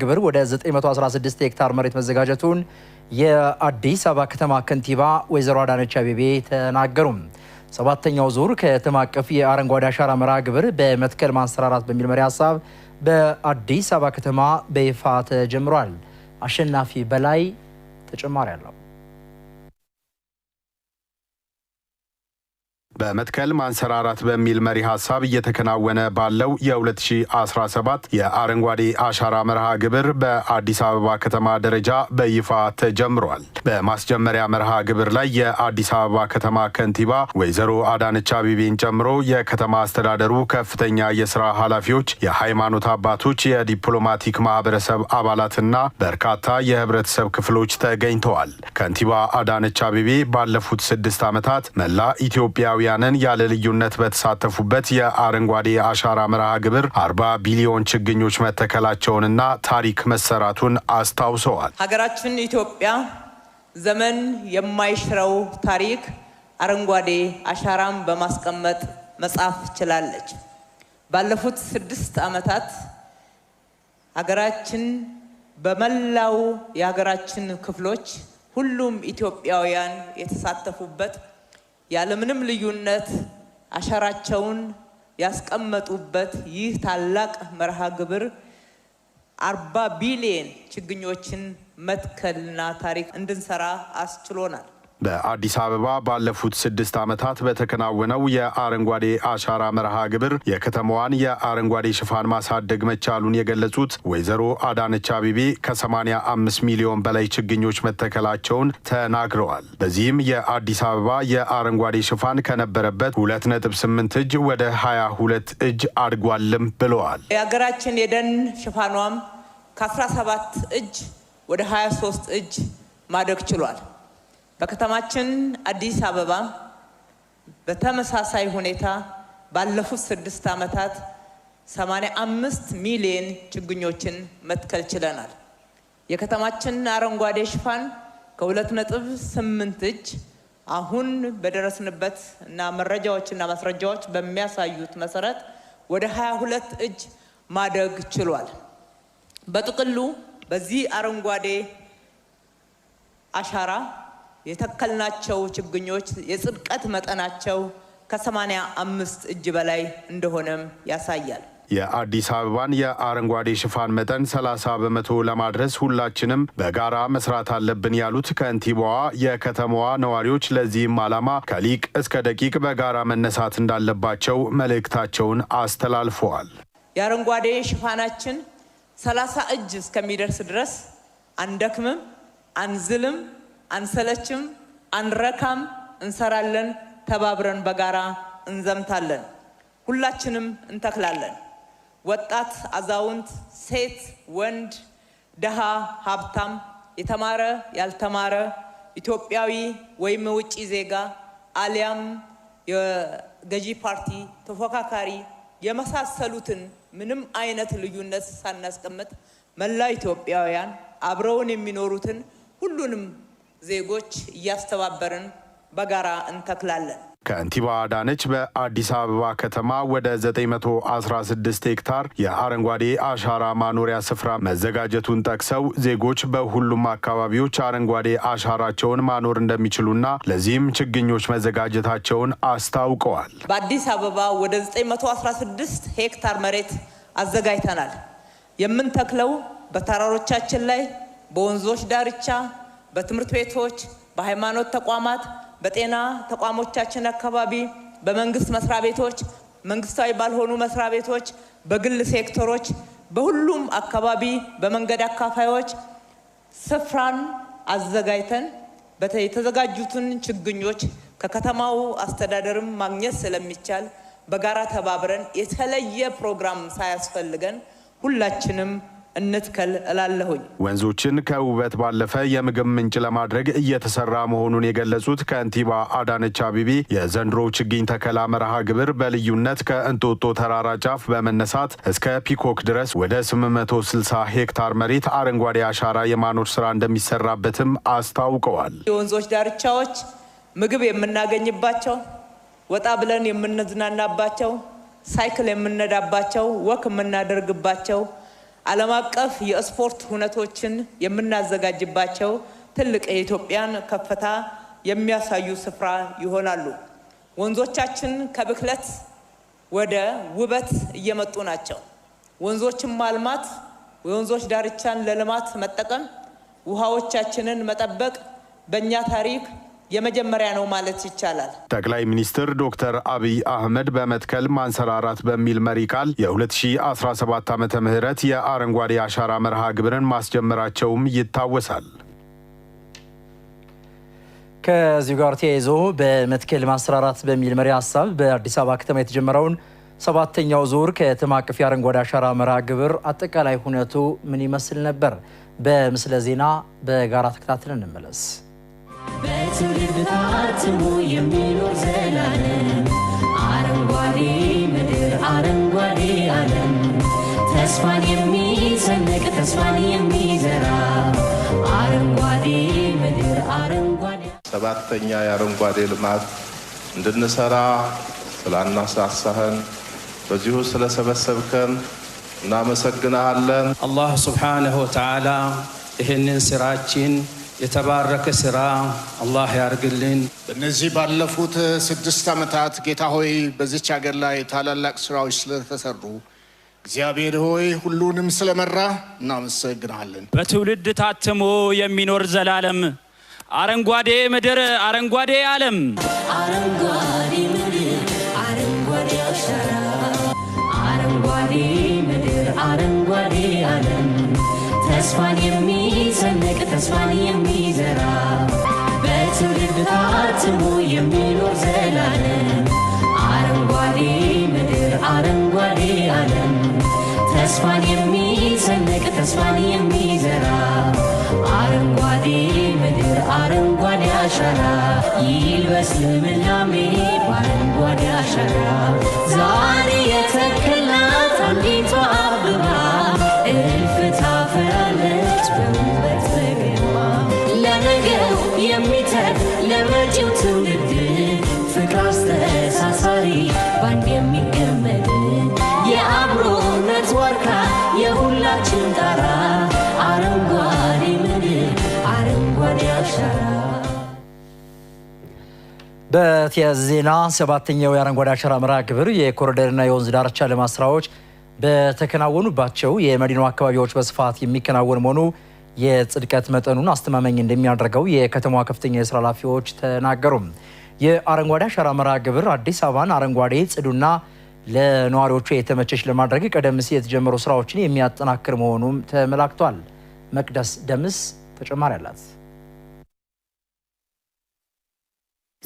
ግብር ወደ 916 ሄክታር መሬት መዘጋጀቱን የአዲስ አበባ ከተማ ከንቲባ ወይዘሮ አዳነች አቤቤ ተናገሩ። ሰባተኛው ዙር ከተማ አቀፍ የአረንጓዴ አሻራ መርሃ ግብር በመትከል ማንሰራራት በሚል መሪ ሀሳብ በአዲስ አበባ ከተማ በይፋ ተጀምሯል። አሸናፊ በላይ ተጨማሪ አለው። በመትከል ማንሰራራት በሚል መሪ ሀሳብ እየተከናወነ ባለው የ2017 የአረንጓዴ አሻራ መርሃ ግብር በአዲስ አበባ ከተማ ደረጃ በይፋ ተጀምሯል። በማስጀመሪያ መርሃ ግብር ላይ የአዲስ አበባ ከተማ ከንቲባ ወይዘሮ አዳነች አቤቤን ጨምሮ የከተማ አስተዳደሩ ከፍተኛ የስራ ኃላፊዎች፣ የሃይማኖት አባቶች፣ የዲፕሎማቲክ ማህበረሰብ አባላትና በርካታ የህብረተሰብ ክፍሎች ተገኝተዋል። ከንቲባ አዳነች አቤቤ ባለፉት ስድስት ዓመታት መላ ኢትዮጵያ ኢትዮጵያውያንን ያለ ልዩነት በተሳተፉበት የአረንጓዴ አሻራ መርሃ ግብር አርባ ቢሊዮን ችግኞች መተከላቸውንና ታሪክ መሰራቱን አስታውሰዋል። ሀገራችን ኢትዮጵያ ዘመን የማይሽረው ታሪክ አረንጓዴ አሻራም በማስቀመጥ መጻፍ ችላለች። ባለፉት ስድስት ዓመታት ሀገራችን በመላው የሀገራችን ክፍሎች ሁሉም ኢትዮጵያውያን የተሳተፉበት ያለምንም ልዩነት አሻራቸውን ያስቀመጡበት ይህ ታላቅ መርሃ ግብር አርባ ቢሊየን ችግኞችን መትከልና ታሪክ እንድንሰራ አስችሎናል። በአዲስ አበባ ባለፉት ስድስት ዓመታት በተከናወነው የአረንጓዴ አሻራ መርሃ ግብር የከተማዋን የአረንጓዴ ሽፋን ማሳደግ መቻሉን የገለጹት ወይዘሮ አዳነች አቤቤ ከ85 ሚሊዮን በላይ ችግኞች መተከላቸውን ተናግረዋል። በዚህም የአዲስ አበባ የአረንጓዴ ሽፋን ከነበረበት 2.8 እጅ ወደ 22 እጅ አድጓልም ብለዋል። የሀገራችን የደን ሽፋኗም ከ17 እጅ ወደ 23 እጅ ማደግ ችሏል። በከተማችን አዲስ አበባ በተመሳሳይ ሁኔታ ባለፉት ስድስት ዓመታት 85 ሚሊዮን ችግኞችን መትከል ችለናል። የከተማችን አረንጓዴ ሽፋን ከ2.8 እጅ አሁን በደረስንበት እና መረጃዎችና ማስረጃዎች በሚያሳዩት መሰረት ወደ 22 እጅ ማደግ ችሏል። በጥቅሉ በዚህ አረንጓዴ አሻራ የተከልናቸው ችግኞች የጽድቀት መጠናቸው ከሰማንያ አምስት እጅ በላይ እንደሆነም ያሳያል። የአዲስ አበባን የአረንጓዴ ሽፋን መጠን 30 በመቶ ለማድረስ ሁላችንም በጋራ መስራት አለብን ያሉት ከንቲባዋ የከተማዋ ነዋሪዎች ለዚህም ዓላማ ከሊቅ እስከ ደቂቅ በጋራ መነሳት እንዳለባቸው መልእክታቸውን አስተላልፈዋል። የአረንጓዴ ሽፋናችን 30 እጅ እስከሚደርስ ድረስ አንደክምም፣ አንዝልም አንሰለችም፣ አንረካም፣ እንሰራለን። ተባብረን በጋራ እንዘምታለን። ሁላችንም እንተክላለን። ወጣት፣ አዛውንት፣ ሴት፣ ወንድ፣ ደሃ፣ ሀብታም፣ የተማረ፣ ያልተማረ፣ ኢትዮጵያዊ ወይም ውጪ ዜጋ አሊያም የገዢ ፓርቲ ተፎካካሪ የመሳሰሉትን ምንም አይነት ልዩነት ሳናስቀምጥ መላ ኢትዮጵያውያን አብረውን የሚኖሩትን ሁሉንም ዜጎች እያስተባበርን በጋራ እንተክላለን። ከንቲባ አዳነች በአዲስ አበባ ከተማ ወደ 916 ሄክታር የአረንጓዴ አሻራ ማኖሪያ ስፍራ መዘጋጀቱን ጠቅሰው ዜጎች በሁሉም አካባቢዎች አረንጓዴ አሻራቸውን ማኖር እንደሚችሉና ለዚህም ችግኞች መዘጋጀታቸውን አስታውቀዋል። በአዲስ አበባ ወደ 916 ሄክታር መሬት አዘጋጅተናል። የምንተክለው በተራሮቻችን ላይ፣ በወንዞች ዳርቻ በትምህርት ቤቶች፣ በሃይማኖት ተቋማት፣ በጤና ተቋሞቻችን አካባቢ፣ በመንግስት መስሪያ ቤቶች፣ መንግስታዊ ባልሆኑ መስሪያ ቤቶች፣ በግል ሴክተሮች፣ በሁሉም አካባቢ በመንገድ አካፋዮች ስፍራን አዘጋጅተን የተዘጋጁትን ችግኞች ከከተማው አስተዳደርም ማግኘት ስለሚቻል በጋራ ተባብረን የተለየ ፕሮግራም ሳያስፈልገን ሁላችንም እንትከል እላለሁኝ። ወንዞችን ከውበት ባለፈ የምግብ ምንጭ ለማድረግ እየተሰራ መሆኑን የገለጹት ከንቲባ አዳነች አቤቤ የዘንድሮ ችግኝ ተከላ መርሃ ግብር በልዩነት ከእንጦጦ ተራራ ጫፍ በመነሳት እስከ ፒኮክ ድረስ ወደ 860 ሄክታር መሬት አረንጓዴ አሻራ የማኖር ስራ እንደሚሰራበትም አስታውቀዋል። የወንዞች ዳርቻዎች ምግብ የምናገኝባቸው፣ ወጣ ብለን የምንዝናናባቸው፣ ሳይክል የምንነዳባቸው፣ ወክ የምናደርግባቸው ዓለም አቀፍ የስፖርት ሁነቶችን የምናዘጋጅባቸው ትልቅ የኢትዮጵያን ከፍታ የሚያሳዩ ስፍራ ይሆናሉ። ወንዞቻችን ከብክለት ወደ ውበት እየመጡ ናቸው። ወንዞችን ማልማት፣ የወንዞች ዳርቻን ለልማት መጠቀም፣ ውሃዎቻችንን መጠበቅ በእኛ ታሪክ የመጀመሪያ ነው ማለት ይቻላል። ጠቅላይ ሚኒስትር ዶክተር አብይ አህመድ በመትከል ማንሰራራት በሚል መሪ ቃል የ2017 ዓመተ ምህረት የአረንጓዴ አሻራ መርሃ ግብርን ማስጀመራቸውም ይታወሳል። ከዚሁ ጋር ተያይዞ በመትከል ማንሰራራት በሚል መሪ ሀሳብ በአዲስ አበባ ከተማ የተጀመረውን ሰባተኛው ዙር ከተማ አቀፍ የአረንጓዴ አሻራ መርሃ ግብር አጠቃላይ ሁነቱ ምን ይመስል ነበር? በምስለ ዜና በጋራ ተከታትለን እንመለስ። በትውልድ ታትሞ የሚኖር ዘላለም አረንጓዴ ምድር አረንጓዴ ዓለም ተስፋን የሚሰንቅ ተስፋን የሚዘራ አረንጓዴ ምድር አረንጓዴ ሰባተኛ የአረንጓዴ ልማት እንድንሰራ ስላናሳሳህን በዚሁ ስለሰበሰብከን እናመሰግናሃለን። አላህ ስብሓነሁ ወተዓላ ይህንን ስራችን የተባረከ ስራ አላህ ያርግልን። እነዚህ ባለፉት ስድስት ዓመታት ጌታ ሆይ በዚች ሀገር ላይ ታላላቅ ስራዎች ስለተሰሩ እግዚአብሔር ሆይ ሁሉንም ስለመራ እናመሰግናለን። በትውልድ ታትሞ የሚኖር ዘላለም አረንጓዴ ምድር አረንጓዴ ዓለም አረንጓዴ ምድር አረንጓዴ አረንጓዴ ምድር አረንጓዴ ዓለም ተስፋን የሚሰንቅ ተስፋን የሚዘራ በትውልድ ታትሞ የሚኖር ዘላለም አረንጓዴ ምድር አረንጓዴ ዓለም ተስፋን የሚሰንቅ ተስፋን የሚዘራ አረንጓዴ ምድር አረንጓዴ አሻራ ይልበስ ልምላሜ በአረንጓዴ አሻራ ዛሬ የተከላ በተያያዘ ዜና ሰባተኛው የአረንጓዴ አሻራ መርሃ ግብር የኮሪደርና የወንዝ ዳርቻ ልማት ስራዎች በተከናወኑባቸው የመዲናው አካባቢዎች በስፋት የሚከናወን መሆኑ የጽድቀት መጠኑን አስተማማኝ እንደሚያደርገው የከተማዋ ከፍተኛ የስራ ኃላፊዎች ተናገሩ። የአረንጓዴ አሻራ መርሃ ግብር አዲስ አበባን አረንጓዴ ጽዱና ለነዋሪዎቹ የተመቸች ለማድረግ ቀደም ሲል የተጀመሩ ስራዎችን የሚያጠናክር መሆኑም ተመላክቷል። መቅደስ ደምስ ተጨማሪ አላት።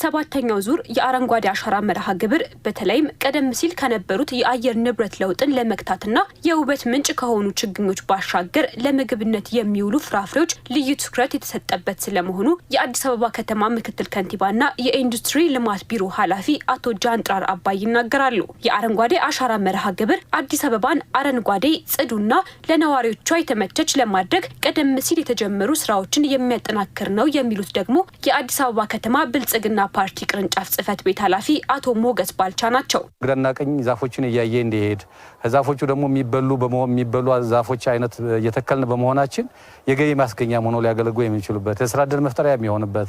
ሰባተኛው ዙር የአረንጓዴ አሻራ መርሃ ግብር በተለይም ቀደም ሲል ከነበሩት የአየር ንብረት ለውጥን ለመግታትና የውበት ምንጭ ከሆኑ ችግኞች ባሻገር ለምግብነት የሚውሉ ፍራፍሬዎች ልዩ ትኩረት የተሰጠበት ስለመሆኑ የአዲስ አበባ ከተማ ምክትል ከንቲባና የኢንዱስትሪ ልማት ቢሮ ኃላፊ አቶ ጃንጥራር አባይ ይናገራሉ። የአረንጓዴ አሻራ መርሃ ግብር አዲስ አበባን አረንጓዴ፣ ጽዱና ለነዋሪዎቿ የተመቸች ለማድረግ ቀደም ሲል የተጀመሩ ስራዎችን የሚያጠናክር ነው የሚሉት ደግሞ የአዲስ አበባ ከተማ ብልጽግና ብልጽግና ፓርቲ ቅርንጫፍ ጽህፈት ቤት ኃላፊ አቶ ሞገስ ባልቻ ናቸው። ግራና ቀኝ ዛፎችን እያየ እንዲሄድ ዛፎቹ ደግሞ የሚበሉ የሚበሉ ዛፎች አይነት እየተከልን በመሆናችን የገቢ ማስገኛ ሆኖ ሊያገለግሉ የሚችሉበት የስራ እድል መፍጠሪያ የሚሆንበት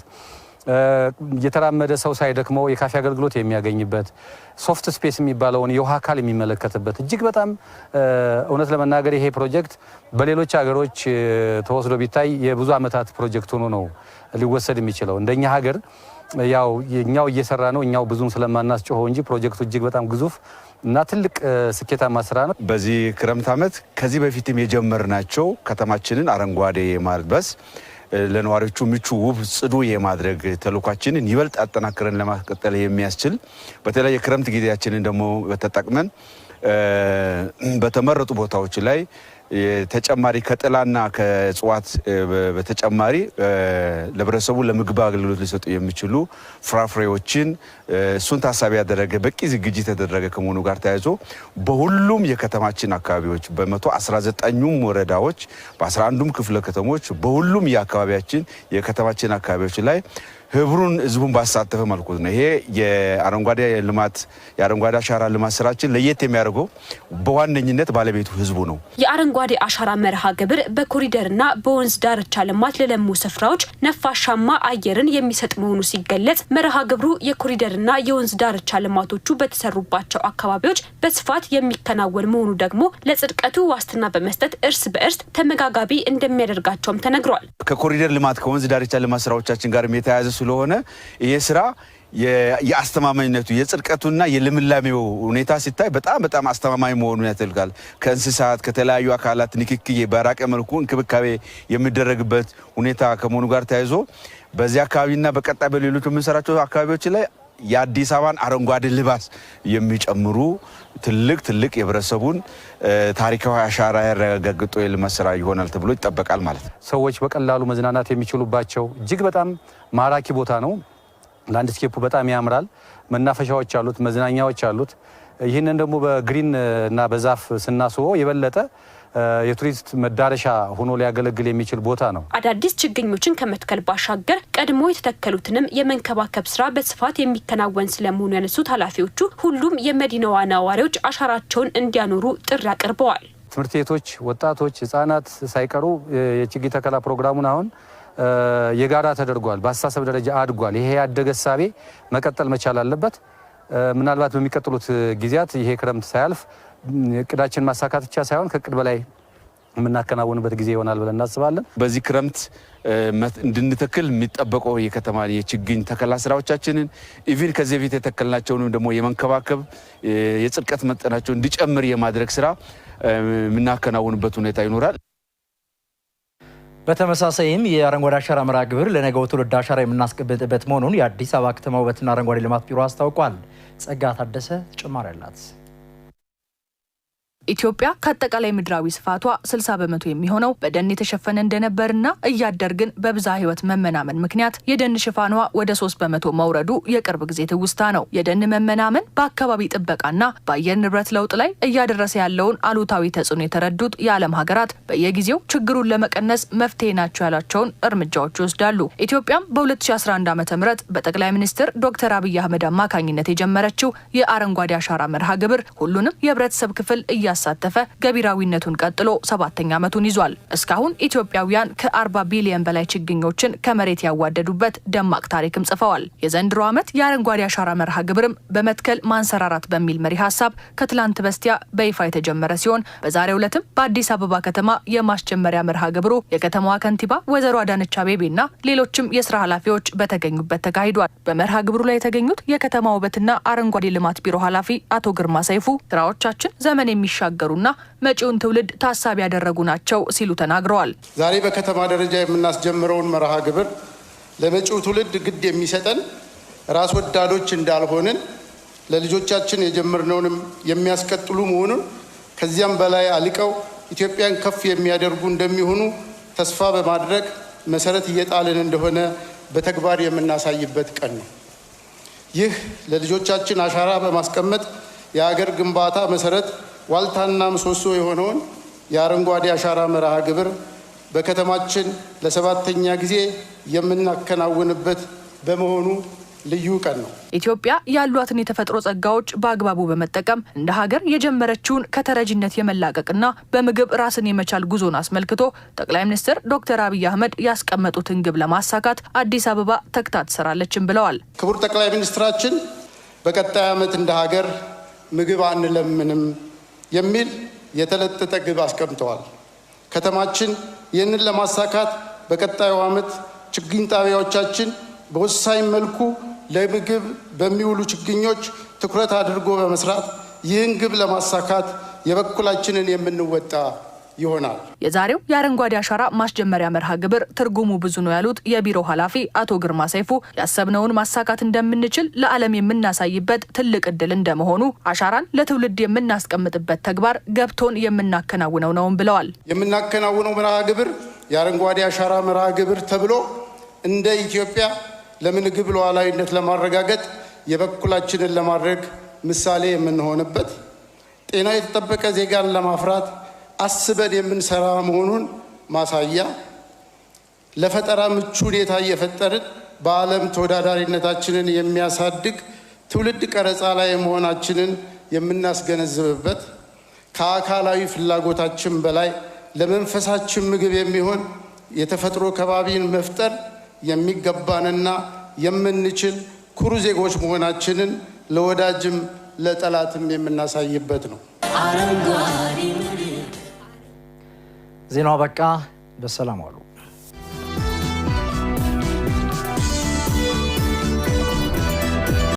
የተራመደ ሰው ሳይደክመው የካፌ አገልግሎት የሚያገኝበት ሶፍት ስፔስ የሚባለውን የውሃ አካል የሚመለከትበት እጅግ በጣም እውነት ለመናገር ይሄ ፕሮጀክት በሌሎች ሀገሮች ተወስዶ ቢታይ የብዙ ዓመታት ፕሮጀክት ሆኖ ነው ሊወሰድ የሚችለው። እንደኛ ሀገር ያው እኛው እየሰራ ነው እኛው ብዙም ስለማናስጮኸው እንጂ ፕሮጀክቱ እጅግ በጣም ግዙፍ እና ትልቅ ስኬታማ ስራ ነው። በዚህ ክረምት ዓመት ከዚህ በፊትም የጀመርናቸው ከተማችንን አረንጓዴ የማልበስ ለነዋሪዎቹ ምቹ፣ ውብ፣ ጽዱ የማድረግ ተልኳችንን ይበልጥ አጠናክረን ለማስቀጠል የሚያስችል በተለይ የክረምት ጊዜያችንን ደግሞ ተጠቅመን በተመረጡ ቦታዎች ላይ ተጨማሪ ከጥላና ከእጽዋት በተጨማሪ ለህብረተሰቡ ለምግብ አገልግሎት ሊሰጡ የሚችሉ ፍራፍሬዎችን እሱን ታሳቢ ያደረገ በቂ ዝግጅት የተደረገ ከመሆኑ ጋር ተያይዞ በሁሉም የከተማችን አካባቢዎች በመ 19 ኙም ወረዳዎች በ11ዱም ክፍለ ከተሞች በሁሉም የአካባቢያችን የከተማችን አካባቢዎች ላይ ህብሩን ህዝቡን ባሳተፈ መልኩ ነው። ይሄ የአረንጓዴ ልማት የአረንጓዴ አሻራ ልማት ስራችን ለየት የሚያደርገው በዋነኝነት ባለቤቱ ህዝቡ ነው። የአረንጓዴ አሻራ መርሃ ግብር በኮሪደርና በወንዝ ዳርቻ ልማት ለለሙ ስፍራዎች ነፋሻማ አየርን የሚሰጥ መሆኑ ሲገለጽ መርሃ ግብሩ የኮሪደርና የወንዝ ዳርቻ ልማቶቹ በተሰሩባቸው አካባቢዎች በስፋት የሚከናወን መሆኑ ደግሞ ለጽድቀቱ ዋስትና በመስጠት እርስ በእርስ ተመጋጋቢ እንደሚያደርጋቸውም ተነግሯል። ከኮሪደር ልማት ከወንዝ ዳርቻ ልማት ስራዎቻችን ጋር የተያያዘ ስለሆነ ይሄ ስራ የአስተማማኝነቱ የጽድቀቱና የልምላሜው ሁኔታ ሲታይ በጣም በጣም አስተማማኝ መሆኑን ያተልካል። ከእንስሳት ከተለያዩ አካላት ንክኪ በራቀ መልኩ እንክብካቤ የሚደረግበት ሁኔታ ከመሆኑ ጋር ተያይዞ በዚህ አካባቢና በቀጣይ በሌሎች የምንሰራቸው አካባቢዎች ላይ የአዲስ አበባን አረንጓዴ ልባስ የሚጨምሩ ትልቅ ትልቅ የህብረተሰቡን ታሪካዊ አሻራ ያረጋግጦ የልማት ስራ ይሆናል ተብሎ ይጠበቃል ማለት ነው። ሰዎች በቀላሉ መዝናናት የሚችሉባቸው እጅግ በጣም ማራኪ ቦታ ነው። ላንድስኬፑ በጣም ያምራል። መናፈሻዎች አሉት፣ መዝናኛዎች አሉት። ይህንን ደግሞ በግሪን እና በዛፍ ስናስበው የበለጠ የቱሪስት መዳረሻ ሆኖ ሊያገለግል የሚችል ቦታ ነው። አዳዲስ ችግኞችን ከመትከል ባሻገር ቀድሞ የተተከሉትንም የመንከባከብ ስራ በስፋት የሚከናወን ስለመሆኑ ያነሱት ኃላፊዎቹ ሁሉም የመዲናዋ ነዋሪዎች አሻራቸውን እንዲያኖሩ ጥሪ አቅርበዋል። ትምህርት ቤቶች፣ ወጣቶች፣ ህጻናት ሳይቀሩ የችግኝ ተከላ ፕሮግራሙን አሁን የጋራ ተደርጓል። በአስተሳሰብ ደረጃ አድጓል። ይሄ ያደገ እሳቤ መቀጠል መቻል አለበት። ምናልባት በሚቀጥሉት ጊዜያት ይሄ ክረምት ሳያልፍ እቅዳችን ማሳካት ብቻ ሳይሆን ከእቅድ በላይ የምናከናውንበት ጊዜ ይሆናል ብለን እናስባለን። በዚህ ክረምት እንድንተክል የሚጠበቀው የከተማ የችግኝ ተከላ ስራዎቻችንን ኢቪን ከዚህ በፊት የተከልናቸውንም ደግሞ የመንከባከብ የጽድቀት መጠናቸው እንዲጨምር የማድረግ ስራ የምናከናውንበት ሁኔታ ይኖራል። በተመሳሳይም የአረንጓዴ አሻራ መርሃ ግብር ለነገው ትውልድ አሻራ የምናስቀምጥበት መሆኑን የአዲስ አበባ ከተማ ውበትና አረንጓዴ ልማት ቢሮ አስታውቋል። ጸጋ ታደሰ ተጨማሪ አላት። ኢትዮጵያ ከአጠቃላይ ምድራዊ ስፋቷ 60 በመቶ የሚሆነው በደን የተሸፈነ እንደነበርና እያደር ግን በብዛ ህይወት መመናመን ምክንያት የደን ሽፋኗ ወደ 3 በመቶ መውረዱ የቅርብ ጊዜ ትውስታ ነው። የደን መመናመን በአካባቢ ጥበቃና በአየር ንብረት ለውጥ ላይ እያደረሰ ያለውን አሉታዊ ተጽዕኖ የተረዱት የዓለም ሀገራት በየጊዜው ችግሩን ለመቀነስ መፍትሄ ናቸው ያላቸውን እርምጃዎች ይወስዳሉ። ኢትዮጵያም በ2011 ዓ ም በጠቅላይ ሚኒስትር ዶክተር አብይ አህመድ አማካኝነት የጀመረችው የአረንጓዴ አሻራ መርሃ ግብር ሁሉንም የህብረተሰብ ክፍል እያ ያሳተፈ ገቢራዊነቱን ቀጥሎ ሰባተኛ ዓመቱን ይዟል። እስካሁን ኢትዮጵያውያን ከ40 ቢሊዮን በላይ ችግኞችን ከመሬት ያዋደዱበት ደማቅ ታሪክም ጽፈዋል። የዘንድሮ ዓመት የአረንጓዴ አሻራ መርሃ ግብርም በመትከል ማንሰራራት በሚል መሪ ሀሳብ ከትላንት በስቲያ በይፋ የተጀመረ ሲሆን በዛሬው ዕለትም በአዲስ አበባ ከተማ የማስጀመሪያ መርሃ ግብሩ የከተማዋ ከንቲባ ወይዘሮ አዳነች አቤቤና ሌሎችም የስራ ኃላፊዎች በተገኙበት ተካሂዷል። በመርሃ ግብሩ ላይ የተገኙት የከተማ ውበትና አረንጓዴ ልማት ቢሮ ኃላፊ አቶ ግርማ ሰይፉ ስራዎቻችን ዘመን የሚሻ ያሻገሩና መጪውን ትውልድ ታሳቢ ያደረጉ ናቸው ሲሉ ተናግረዋል። ዛሬ በከተማ ደረጃ የምናስጀምረውን መርሃ ግብር ለመጪው ትውልድ ግድ የሚሰጠን ራስ ወዳዶች እንዳልሆንን ለልጆቻችን የጀመርነውንም የሚያስቀጥሉ መሆኑን ከዚያም በላይ አልቀው ኢትዮጵያን ከፍ የሚያደርጉ እንደሚሆኑ ተስፋ በማድረግ መሰረት እየጣልን እንደሆነ በተግባር የምናሳይበት ቀን ነው። ይህ ለልጆቻችን አሻራ በማስቀመጥ የሀገር ግንባታ መሰረት ዋልታና ምሰሶ የሆነውን የአረንጓዴ አሻራ መርሃ ግብር በከተማችን ለሰባተኛ ጊዜ የምናከናውንበት በመሆኑ ልዩ ቀን ነው። ኢትዮጵያ ያሏትን የተፈጥሮ ጸጋዎች በአግባቡ በመጠቀም እንደ ሀገር የጀመረችውን ከተረጂነት የመላቀቅና በምግብ ራስን የመቻል ጉዞን አስመልክቶ ጠቅላይ ሚኒስትር ዶክተር አብይ አህመድ ያስቀመጡትን ግብ ለማሳካት አዲስ አበባ ተግታ ትሰራለችን ብለዋል። ክቡር ጠቅላይ ሚኒስትራችን በቀጣይ ዓመት እንደ ሀገር ምግብ አንለምንም የሚል የተለጠጠ ግብ አስቀምጠዋል። ከተማችን ይህንን ለማሳካት በቀጣዩ ዓመት ችግኝ ጣቢያዎቻችን በወሳኝ መልኩ ለምግብ በሚውሉ ችግኞች ትኩረት አድርጎ በመስራት ይህን ግብ ለማሳካት የበኩላችንን የምንወጣ ይሆናል። የዛሬው የአረንጓዴ አሻራ ማስጀመሪያ መርሃ ግብር ትርጉሙ ብዙ ነው ያሉት የቢሮ ኃላፊ አቶ ግርማ ሰይፉ ያሰብነውን ማሳካት እንደምንችል ለዓለም የምናሳይበት ትልቅ እድል እንደመሆኑ አሻራን ለትውልድ የምናስቀምጥበት ተግባር ገብቶን የምናከናውነው ነውም ብለዋል። የምናከናውነው መርሃ ግብር የአረንጓዴ አሻራ መርሃ ግብር ተብሎ እንደ ኢትዮጵያ ለምግብ ሉዓላዊነት ለማረጋገጥ የበኩላችንን ለማድረግ ምሳሌ የምንሆንበት ጤና የተጠበቀ ዜጋን ለማፍራት አስበን የምንሰራ መሆኑን ማሳያ ለፈጠራ ምቹ ሁኔታ እየፈጠርን በዓለም ተወዳዳሪነታችንን የሚያሳድግ ትውልድ ቀረጻ ላይ መሆናችንን የምናስገነዝብበት ከአካላዊ ፍላጎታችን በላይ ለመንፈሳችን ምግብ የሚሆን የተፈጥሮ ከባቢን መፍጠር የሚገባንና የምንችል ኩሩ ዜጎች መሆናችንን ለወዳጅም ለጠላትም የምናሳይበት ነው። ዜናው በቃ። በሰላም ዋሉ።